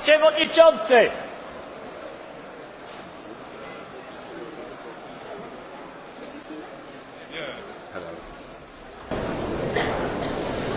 przewodniczący!